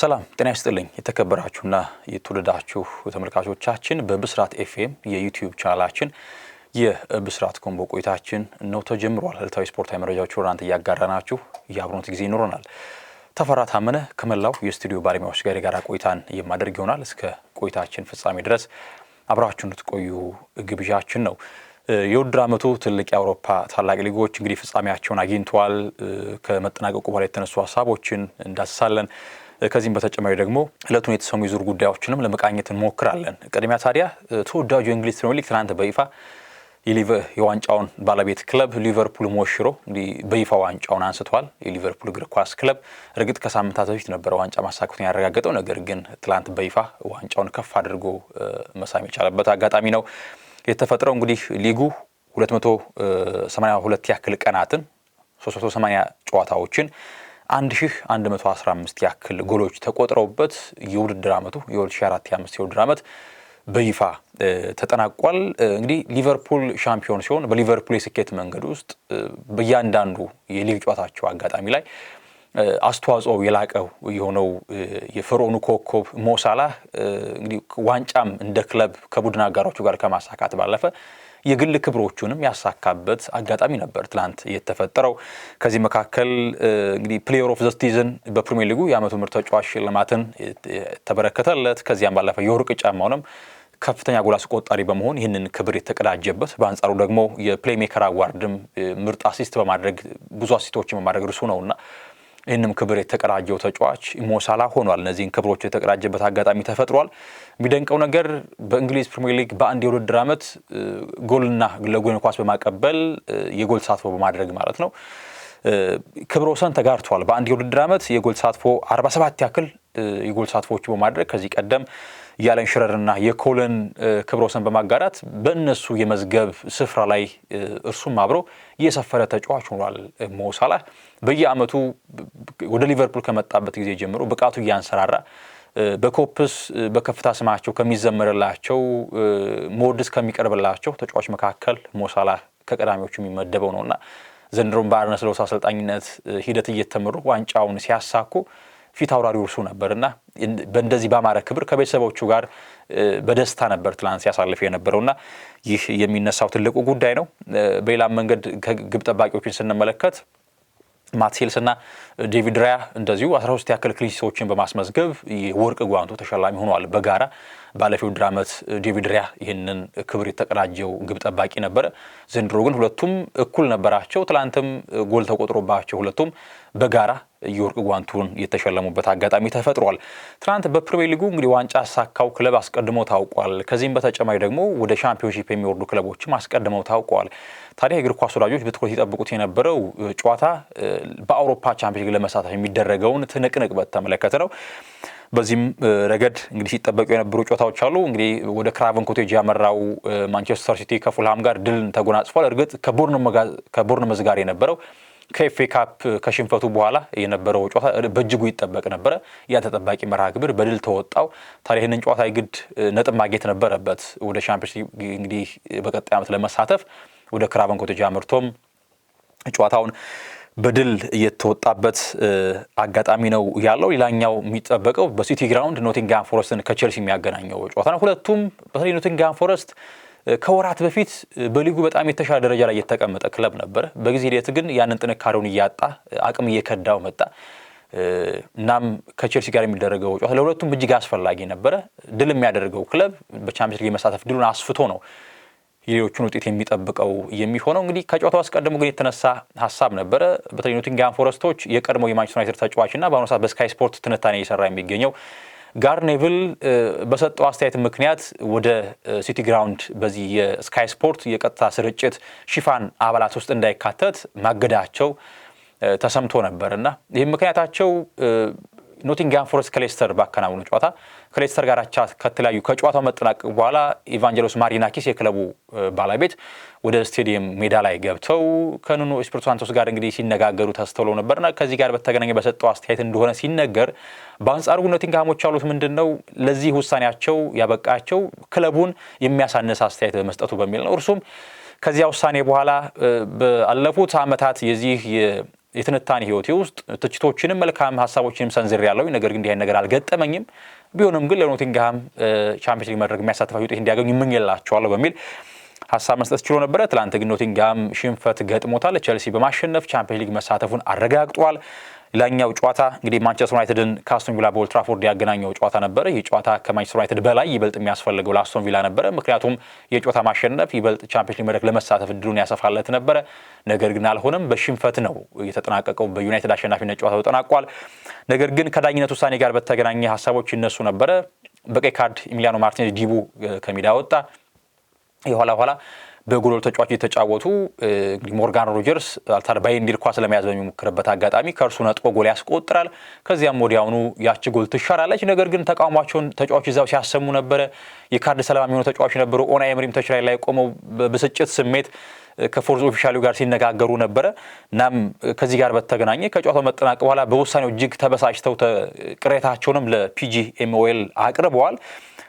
ሰላም ጤና ይስጥልኝ። የተከበራችሁና የተወደዳችሁ ተመልካቾቻችን በብስራት ኤፍኤም የዩቲዩብ ቻናላችን የብስራት ኮምቦ ቆይታችን ነው ተጀምሯል። ዕለታዊ ስፖርታዊ መረጃዎች ወራንት እያጋራናችሁ የአብሮነት ጊዜ ይኖረናል። ተፈራ ታመነ ከመላው የስቱዲዮ ባለሙያዎች ጋር የጋራ ቆይታን የማደርግ ይሆናል። እስከ ቆይታችን ፍጻሜ ድረስ አብራችሁን እንድትቆዩ ግብዣችን ነው። የውድድር ዓመቱ ትልቅ የአውሮፓ ታላቅ ሊጎች እንግዲህ ፍጻሜያቸውን አግኝተዋል። ከመጠናቀቁ በኋላ የተነሱ ሀሳቦችን እንዳስሳለን። ከዚህም በተጨማሪ ደግሞ እለቱን የተሰሙ የዙር ጉዳዮችንም ለመቃኘት እንሞክራለን። ቅድሚያ ታዲያ ተወዳጁ የእንግሊዝ ፕሪሚየር ሊግ ትናንት በይፋ የዋንጫውን ባለቤት ክለብ ሊቨርፑል ሞሽሮ እንግዲህ በይፋ ዋንጫውን አንስተዋል። የሊቨርፑል እግር ኳስ ክለብ እርግጥ ከሳምንታት በፊት ነበረ ዋንጫ ማሳካቱን ያረጋገጠው፣ ነገር ግን ትላንት በይፋ ዋንጫውን ከፍ አድርጎ መሳም የቻለበት አጋጣሚ ነው የተፈጥረው። እንግዲህ ሊጉ 282 ያክል ቀናትን 380 ጨዋታዎችን 1115 ያክል ጎሎች ተቆጥረውበት የውድድር ዓመቱ የ2024/25 የውድድር ዓመት በይፋ ተጠናቋል። እንግዲህ ሊቨርፑል ሻምፒዮን ሲሆን በሊቨርፑል የስኬት መንገድ ውስጥ በእያንዳንዱ የሊግ ጨዋታቸው አጋጣሚ ላይ አስተዋጽኦ የላቀው የሆነው የፈርዖኑ ኮከብ ሞሳላ እንግዲህ ዋንጫም እንደ ክለብ ከቡድን አጋሮቹ ጋር ከማሳካት ባለፈ የግል ክብሮቹንም ያሳካበት አጋጣሚ ነበር ትላንት የተፈጠረው። ከዚህ መካከል እንግዲህ ፕሌየር ኦፍ ዘ ሲዝን በፕሪሚየር ሊጉ የዓመቱ ምርጥ ተጫዋች ሽልማትን ተበረከተለት። ከዚያም ባለፈ የወርቅ ጫማውንም ከፍተኛ ጎል አስቆጣሪ በመሆን ይህንን ክብር የተቀዳጀበት በአንጻሩ ደግሞ የፕሌይሜከር አዋርድም ምርጥ አሲስት በማድረግ ብዙ አሲስቶችን በማድረግ እርሱ ነውና ይህንም ክብር የተቀዳጀው ተጫዋች ሞሳላ ሆኗል። እነዚህን ክብሮች የተቀዳጀበት አጋጣሚ ተፈጥሯል። የሚደንቀው ነገር በእንግሊዝ ፕሪምየር ሊግ በአንድ የውድድር ዓመት ጎልና ለጎን ኳስ በማቀበል የጎል ተሳትፎ በማድረግ ማለት ነው ክብረ ወሰን ተጋርቷል። በአንድ የውድድር ዓመት የጎል ተሳትፎ 47 ያክል የጎል ተሳትፎዎቹ በማድረግ ከዚህ ቀደም ያለን ሽረርና የኮለን ክብረ ወሰን በማጋራት በእነሱ የመዝገብ ስፍራ ላይ እርሱም አብሮ እየሰፈረ ተጫዋች ሆኗል። ሞሳላ በየዓመቱ ወደ ሊቨርፑል ከመጣበት ጊዜ ጀምሮ ብቃቱ እያንሰራራ በኮፕስ በከፍታ ስማቸው ከሚዘመርላቸው ሞድስ ከሚቀርብላቸው ተጫዋች መካከል ሞሳላ ከቀዳሚዎቹ የሚመደበው ነውና ዘንድሮም በአርነ ስሎት አሰልጣኝነት ሂደት እየተመሩ ዋንጫውን ሲያሳኩ ፊት አውራሪ እርሱ ነበርና በእንደዚህ በአማረ ክብር ከቤተሰቦቹ ጋር በደስታ ነበር ትላንት ሲያሳልፍ የነበረውና ይህ የሚነሳው ትልቁ ጉዳይ ነው። በሌላም መንገድ ከግብ ጠባቂዎችን ስንመለከት ማትሴልስ እና ዴቪድ ራያ እንደዚሁ 13 ያክል ክሊንሺቶችን በማስመዝገብ የወርቅ ጓንቱ ተሸላሚ ሆነዋል። በጋራ ባለፈው ውድድር ዓመት ዴቪድ ራያ ይህንን ክብር የተቀዳጀው ግብ ጠባቂ ነበረ። ዘንድሮ ግን ሁለቱም እኩል ነበራቸው። ትላንትም ጎል ተቆጥሮባቸው ሁለቱም በጋራ የወርቅ ጓንቱን የተሸለሙበት አጋጣሚ ተፈጥሯል። ትናንት በፕሪሚየር ሊጉ እንግዲህ ዋንጫ ያሳካው ክለብ አስቀድሞ ታውቋል። ከዚህም በተጨማሪ ደግሞ ወደ ሻምፒዮንሺፕ የሚወርዱ ክለቦችም አስቀድመው ታውቋል። ታዲያ የእግር ኳስ ወዳጆች በትኩረት ይጠብቁት የነበረው ጨዋታ በአውሮፓ ቻምፒዮንስ ሊግ ለመሳተፍ የሚደረገውን ትንቅንቅ በተመለከተ ነው። በዚህም ረገድ እንግዲህ ሲጠበቁ የነበሩ ጨዋታዎች አሉ። እንግዲህ ወደ ክራቨን ኮቴጅ ያመራው ማንቸስተር ሲቲ ከፉልሃም ጋር ድልን ተጎናጽፏል። እርግጥ ከቦርንመዝ ጋር የነበረው ከኤፍ ኤ ካፕ ከሽንፈቱ በኋላ የነበረው ጨዋታ በእጅጉ ይጠበቅ ነበረ። ያ ተጠባቂ መርሃ ግብር በድል ተወጣው። ታዲያ ይህንን ጨዋታ የግድ ነጥብ ማግኘት ነበረበት ወደ ሻምፒዮንስ ሊግ እንግዲህ በቀጣይ ዓመት ለመሳተፍ ወደ ክራቨን ኮቴጅ አምርቶም ጨዋታውን በድል እየተወጣበት አጋጣሚ ነው ያለው። ሌላኛው የሚጠበቀው በሲቲ ግራውንድ ኖቲንግሃም ፎረስትን ከቼልሲ የሚያገናኘው ጨዋታ ነው። ሁለቱም በተለይ ኖቲንግሃም ፎረስት ከወራት በፊት በሊጉ በጣም የተሻለ ደረጃ ላይ የተቀመጠ ክለብ ነበር። በጊዜ ሂደት ግን ያንን ጥንካሬውን እያጣ አቅም እየከዳው መጣ። እናም ከቼልሲ ጋር የሚደረገው ጨዋታ ለሁለቱም እጅግ አስፈላጊ ነበረ። ድል የሚያደርገው ክለብ በቻምፒየንስ ሊግ የመሳተፍ ድሉን አስፍቶ ነው የሌሎቹን ውጤት የሚጠብቀው የሚሆነው እንግዲህ ከጨዋታው አስቀድሞ ግን የተነሳ ሀሳብ ነበረ። በተለይ ኖቲንግሃም ፎረስቶች የቀድሞው የማንቸስተር ዩናይትድ ተጫዋችና በአሁኑ ሰዓት በስካይ ስፖርት ትንታኔ እየሰራ የሚገኘው ጋር ኔቭል በሰጠው አስተያየት ምክንያት ወደ ሲቲ ግራውንድ በዚህ የስካይ ስፖርት የቀጥታ ስርጭት ሽፋን አባላት ውስጥ እንዳይካተት ማገዳቸው ተሰምቶ ነበር እና ይህም ምክንያታቸው ኖቲንግሃም ፎረስት ከሌስተር ባከናወኑ ጨዋታ ከሌስተር ጋር አቻ ከተለያዩ ከጨዋታው መጠናቀቅ በኋላ ኢቫንጀሎስ ማሪናኪስ የክለቡ ባለቤት ወደ ስቴዲየም ሜዳ ላይ ገብተው ከኑኖ ኤስፒሪቶ ሳንቶስ ጋር እንግዲህ ሲነጋገሩ ተስተውሎ ነበርና ከዚህ ጋር በተገናኘ በሰጠው አስተያየት እንደሆነ ሲነገር፣ በአንጻሩ ኖቲንግሃሞች ያሉት ምንድን ነው ለዚህ ውሳኔያቸው ያበቃቸው ክለቡን የሚያሳንስ አስተያየት በመስጠቱ በሚል ነው። እርሱም ከዚያ ውሳኔ በኋላ በአለፉት ዓመታት የዚህ የትንታኔ ህይወቴ ውስጥ ትችቶችንም መልካም ሀሳቦችንም ሰንዝር ያለው ነገር ግን እንዲህ ነገር አልገጠመኝም። ቢሆንም ግን ለኖቲንግሃም ቻምፒዮንስ ሊግ መድረክ የሚያሳትፋቸው ውጤት እንዲያገኙ እመኝላቸዋለሁ በሚል ሀሳብ መስጠት ችሎ ነበረ። ትላንት ግን ኖቲንግሃም ሽንፈት ገጥሞታል። ቸልሲ በማሸነፍ ቻምፒዮንስ ሊግ መሳተፉን አረጋግጧል። ሌላኛው ጨዋታ እንግዲህ ማንቸስተር ዩናይትድን ከአስቶን ቪላ በኦልትራፎርድ ያገናኘው ጨዋታ ነበረ። ይህ ጨዋታ ከማንቸስተር ዩናይትድ በላይ ይበልጥ የሚያስፈልገው ለአስቶን ቪላ ነበረ። ምክንያቱም የጨዋታ ማሸነፍ ይበልጥ ቻምፒዮንስ ሊግ መድረክ ለመሳተፍ እድሉን ያሰፋለት ነበረ። ነገር ግን አልሆነም። በሽንፈት ነው የተጠናቀቀው። በዩናይትድ አሸናፊነት ጨዋታው ተጠናቋል። ነገር ግን ከዳኝነት ውሳኔ ጋር በተገናኘ ሀሳቦች ይነሱ ነበረ። በቀይ ካርድ ኢሚሊያኖ ማርቲኔዝ ዲቡ ከሜዳ ወጣ። የኋላ ኋላ በጉሎል ተጫዋች እየተጫወቱ ሞርጋን ሮጀርስ አልታር ባይንዲር ኳስ ለመያዝ በሚሞክርበት አጋጣሚ ከእርሱ ነጥቆ ጎል ያስቆጥራል። ከዚያም ወዲያውኑ ያቺ ጎል ትሻራለች። ነገር ግን ተቃውሟቸውን ተጫዋች እዚያው ሲያሰሙ ነበረ። የካርድ ሰለባ የሚሆኑ ተጫዋች ነበሩ። ኦና ኤምሪም ተችላይ ላይ ቆመው በብስጭት ስሜት ከፎርዝ ኦፊሻሉ ጋር ሲነጋገሩ ነበረ። እናም ከዚህ ጋር በተገናኘ ከጨዋታው መጠናቅ በኋላ በውሳኔው እጅግ ተበሳጭተው ቅሬታቸውንም ለፒጂኤምኦኤል አቅርበዋል።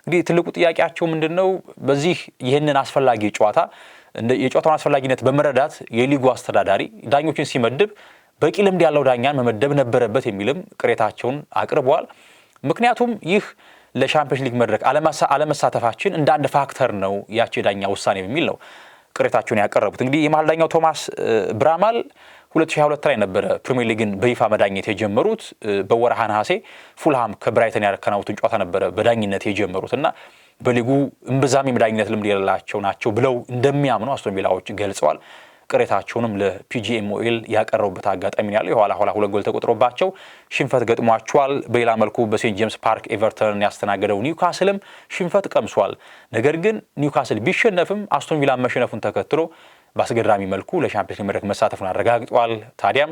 እንግዲህ ትልቁ ጥያቄያቸው ምንድን ነው? በዚህ ይህንን አስፈላጊ ጨዋታ የጨዋታውን አስፈላጊነት በመረዳት የሊጉ አስተዳዳሪ ዳኞችን ሲመድብ በቂ ልምድ ያለው ዳኛን መመደብ ነበረበት የሚልም ቅሬታቸውን አቅርበዋል። ምክንያቱም ይህ ለሻምፒዮንስ ሊግ መድረክ አለመሳተፋችን እንደ አንድ ፋክተር ነው ያቸው የዳኛ ውሳኔ በሚል ነው ቅሬታቸውን ያቀረቡት። እንግዲህ የመሀል ዳኛው ቶማስ ብራማል 2022 ላይ ነበረ ፕሪሚየር ሊግን በይፋ መዳኘት የጀመሩት። በወርሃ ነሐሴ ፉልሃም ከብራይተን ያከናወኑትን ጨዋታ ነበረ በዳኝነት የጀመሩት እና በሊጉ እምብዛም የመዳኝነት ልምድ የሌላቸው ናቸው ብለው እንደሚያምኑ አስቶን ቪላዎች ገልጸዋል። ቅሬታቸውንም ለፒጂኤምኦኤል ያቀረቡበት አጋጣሚ ያለው። የኋላ ኋላ ሁለት ጎል ተቆጥሮባቸው ሽንፈት ገጥሟቸዋል። በሌላ መልኩ በሴንት ጄምስ ፓርክ ኤቨርተንን ያስተናገደው ኒውካስልም ሽንፈት ቀምሷል። ነገር ግን ኒውካስል ቢሸነፍም አስቶን ቪላ መሸነፉን ተከትሎ በአስገራሚ መልኩ ለሻምፒዮንስ ሊግ መድረክ መሳተፉን አረጋግጧል። ታዲያም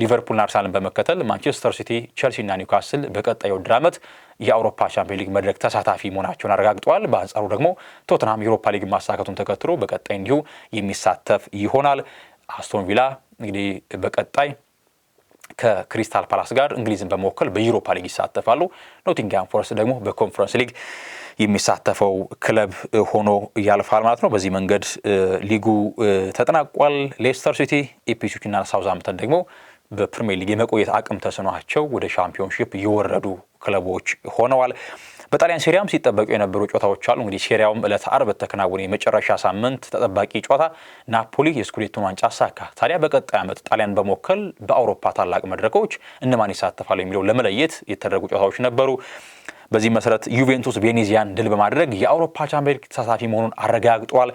ሊቨርፑልና አርሰናልን በመከተል ማንቸስተር ሲቲ፣ ቸልሲና ኒውካስል በቀጣዩ ድር ዓመት የአውሮፓ ሻምፒዮን ሊግ መድረክ ተሳታፊ መሆናቸውን አረጋግጠዋል። በአንጻሩ ደግሞ ቶትንሃም የአውሮፓ ሊግ ማሳካቱን ተከትሎ በቀጣይ እንዲሁ የሚሳተፍ ይሆናል። አስቶን ቪላ እንግዲህ በቀጣይ ከክሪስታል ፓላስ ጋር እንግሊዝን በመወከል በዩሮፓ ሊግ ይሳተፋሉ። ኖቲንግሃም ፎረስት ደግሞ በኮንፈረንስ ሊግ የሚሳተፈው ክለብ ሆኖ ያልፋል ማለት ነው። በዚህ መንገድ ሊጉ ተጠናቋል። ሌስተር ሲቲ፣ ኢፕስዊችና ሳውዝሃምፕተን ደግሞ በፕሪሚየር ሊግ የመቆየት አቅም ተስኗቸው ወደ ሻምፒዮንሺፕ የወረዱ ክለቦች ሆነዋል። በጣሊያን ሴሪያም ሲጠበቁ የነበሩ ጨዋታዎች አሉ። እንግዲህ ሴሪያውም ዕለት ዓርብ በተከናወነ የመጨረሻ ሳምንት ተጠባቂ ጨዋታ ናፖሊ የስኩዴቶን ዋንጫ አሳካ። ታዲያ በቀጣይ ዓመት ጣሊያን በመወከል በአውሮፓ ታላቅ መድረኮች እነማን ይሳተፋሉ የሚለው ለመለየት የተደረጉ ጨዋታዎች ነበሩ። በዚህ መሰረት ዩቬንቱስ ቬኔዚያን ድል በማድረግ የአውሮፓ ቻምፒየንስ ሊግ ተሳታፊ መሆኑን አረጋግጧል።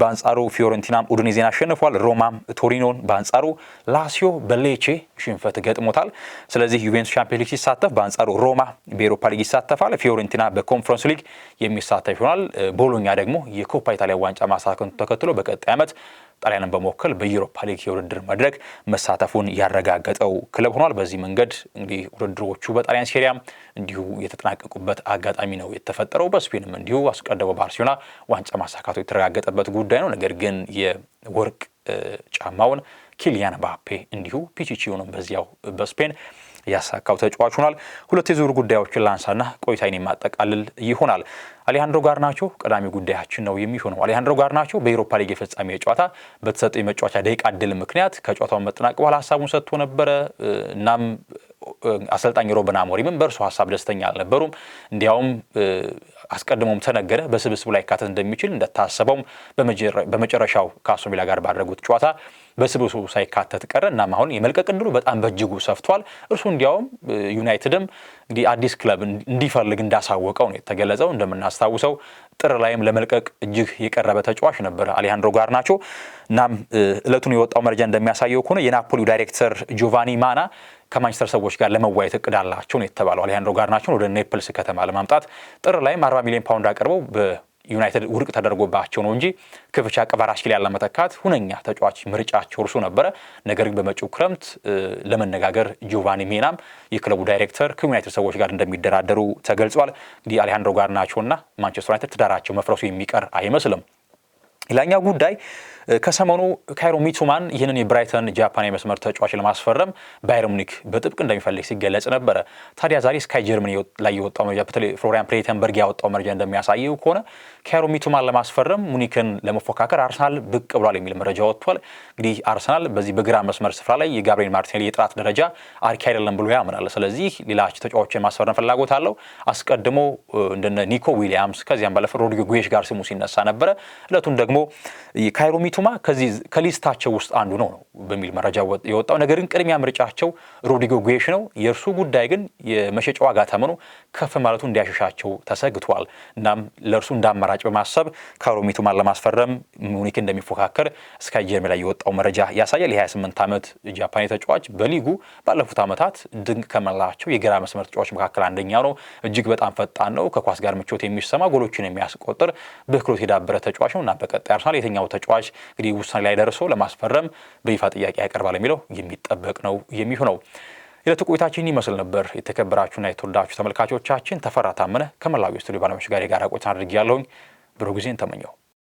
በአንጻሩ ፊዮረንቲናም ኡዱኔዜን አሸንፏል። ሮማም ቶሪኖን፣ በአንጻሩ ላሲዮ በሌቼ ሽንፈት ገጥሞታል። ስለዚህ ዩቬንቱስ ቻምፒየንስ ሊግ ሲሳተፍ፣ በአንጻሩ ሮማ በኤሮፓ ሊግ ይሳተፋል። ፊዮረንቲና በኮንፈረንስ ሊግ የሚሳተፍ ይሆናል። ቦሎኛ ደግሞ የኮፓ ኢታሊያ ዋንጫ ማሳከኑ ተከትሎ በቀጣይ ዓመት ጣሊያንን በመወከል በዩሮፓ ሊግ የውድድር መድረክ መሳተፉን ያረጋገጠው ክለብ ሆኗል። በዚህ መንገድ እንግዲህ ውድድሮቹ በጣሊያን ሴሪያ እንዲሁ የተጠናቀቁበት አጋጣሚ ነው የተፈጠረው። በስፔንም እንዲሁ አስቀድሞ ባርሴሎና ዋንጫ ማሳካቱ የተረጋገጠበት ጉዳይ ነው። ነገር ግን የወርቅ ጫማውን ኪሊያን ባፔ እንዲሁ ፒቺቺውንም በዚያው በስፔን ያሳካው ተጫዋች ሆኗል። ሁለት የዝውውር ጉዳዮችን ላንሳና ቆይታዬን የማጠቃልል ይሆናል። አሌሃንድሮ ጋርናቾ ቀዳሚ ጉዳያችን ነው የሚሆነው። አሌሃንድሮ ጋርናቾ በኤሮፓ ሊግ የፍጻሜ ጨዋታ በተሰጠው የመጫወቻ ደቂቃ እድል ምክንያት ከጨዋታው መጠናቀቅ በኋላ ሀሳቡን ሰጥቶ ነበረ። እናም አሰልጣኝ ሮብን አሞሪምም በእርሱ ሀሳብ ደስተኛ አልነበሩም። እንዲያውም አስቀድሞም ተነገረ በስብስቡ ላይ ካተት እንደሚችል እንደታሰበውም በመጨረሻው ከአስቶን ቪላ ጋር ባደረጉት ጨዋታ በስብስቡ ሳይካተት ቀረ። እናም አሁን የመልቀቅ እድሉ በጣም በእጅጉ ሰፍቷል። እርሱ እንዲያውም ዩናይትድም እንግዲህ አዲስ ክለብ እንዲፈልግ እንዳሳወቀው ነው የተገለጸው። እንደምናስታውሰው ጥር ላይም ለመልቀቅ እጅግ የቀረበ ተጫዋች ነበር ጋር ናቸው እናም እለቱን የወጣው መረጃ እንደሚያሳየው ከሆነ የናፖሊው ዳይሬክተር ጆቫኒ ማና ከማንቸስተር ሰዎች ጋር ለመዋየት እቅድ አላቸው ነው የተባለው። አሌሃንድሮ ጋርናቸውን ወደ ኔፕልስ ከተማ ለማምጣት ጥር ላይም 40 ሚሊዮን ፓውንድ አቅርበው በዩናይትድ ውድቅ ተደርጎባቸው ነው እንጂ ክፍቻ ቅቫራሽቪሊ ያለመተካት ሁነኛ ተጫዋች ምርጫቸው እርሱ ነበረ። ነገር ግን በመጪው ክረምት ለመነጋገር ጆቫኒ ሜናም የክለቡ ዳይሬክተር ከዩናይትድ ሰዎች ጋር እንደሚደራደሩ ተገልጿል። እንግዲህ አሌሃንድሮ ጋርናቸውና ማንቸስተር ዩናይትድ ትዳራቸው መፍረሱ የሚቀር አይመስልም። ሌላኛው ጉዳይ ከሰሞኑ ካይሮ ሚቱማን ይህንን የብራይተን ጃፓን የመስመር ተጫዋች ለማስፈረም ባየር ሙኒክ በጥብቅ እንደሚፈልግ ሲገለጽ ነበረ። ታዲያ ዛሬ ስካይ ጀርመን ላይ የወጣው መረጃ በተለይ ፍሎሪያን ፕሬተንበርግ ያወጣው መረጃ እንደሚያሳየው ከሆነ ካይሮ ሚቱማን ለማስፈረም ሙኒክን ለመፎካከር አርሰናል ብቅ ብሏል የሚል መረጃ ወጥቷል። እንግዲህ አርሰናል በዚህ በግራ መስመር ስፍራ ላይ የጋብሪኤል ማርቲኔሊ የጥራት ደረጃ አርኪ አይደለም ብሎ ያምናል። ስለዚህ ሌላች ተጫዋቾች የማስፈረም ፍላጎት አለው። አስቀድሞ እንደነ ኒኮ ዊሊያምስ ከዚያም ባለፈ ሮድሪጎ ጉዌሽ ጋር ስሙ ሲነሳ ነበረ። እለቱን ደግሞ ደግሞ ካይሮ ሚቱማ ከዚህ ከሊስታቸው ውስጥ አንዱ ነው ነው በሚል መረጃ የወጣው። ነገር ግን ቅድሚያ ምርጫቸው ሮድሪጎ ጉዬሽ ነው። የእርሱ ጉዳይ ግን የመሸጫ ዋጋ ተመኑ ከፍ ማለቱ እንዲያሸሻቸው ተሰግቷል። እናም ለእርሱ እንዳመራጭ በማሰብ ካይሮ ሚቱማን ለማስፈረም ሙኒክ እንደሚፎካከር ስካይ ላይ የወጣው መረጃ ያሳያል። የ28 ዓመት ጃፓኔ ተጫዋች በሊጉ ባለፉት ዓመታት ድንቅ ከመላቸው የግራ መስመር ተጫዋች መካከል አንደኛ ነው። እጅግ በጣም ፈጣን ነው። ከኳስ ጋር ምቾት የሚሰማ ጎሎችን የሚያስቆጥር በክሎት የዳበረ ተጫዋች ነው እና በቀጥ አርሰናል የትኛው ተጫዋች እንግዲህ ውሳኔ ላይ ደርሶ ለማስፈረም በይፋ ጥያቄ ያቀርባል የሚለው የሚጠበቅ ነው የሚሆነው። የዕለቱ ቆይታችን ይመስል ነበር። የተከበራችሁና የተወዳችሁ ተመልካቾቻችን ተፈራ ታመነ ከመላዊ ስቱዲዮ ባለሙያዎች ጋር የጋራ ቆይታን አድርጌ ያለሁኝ ብሩህ ጊዜን ተመኘው።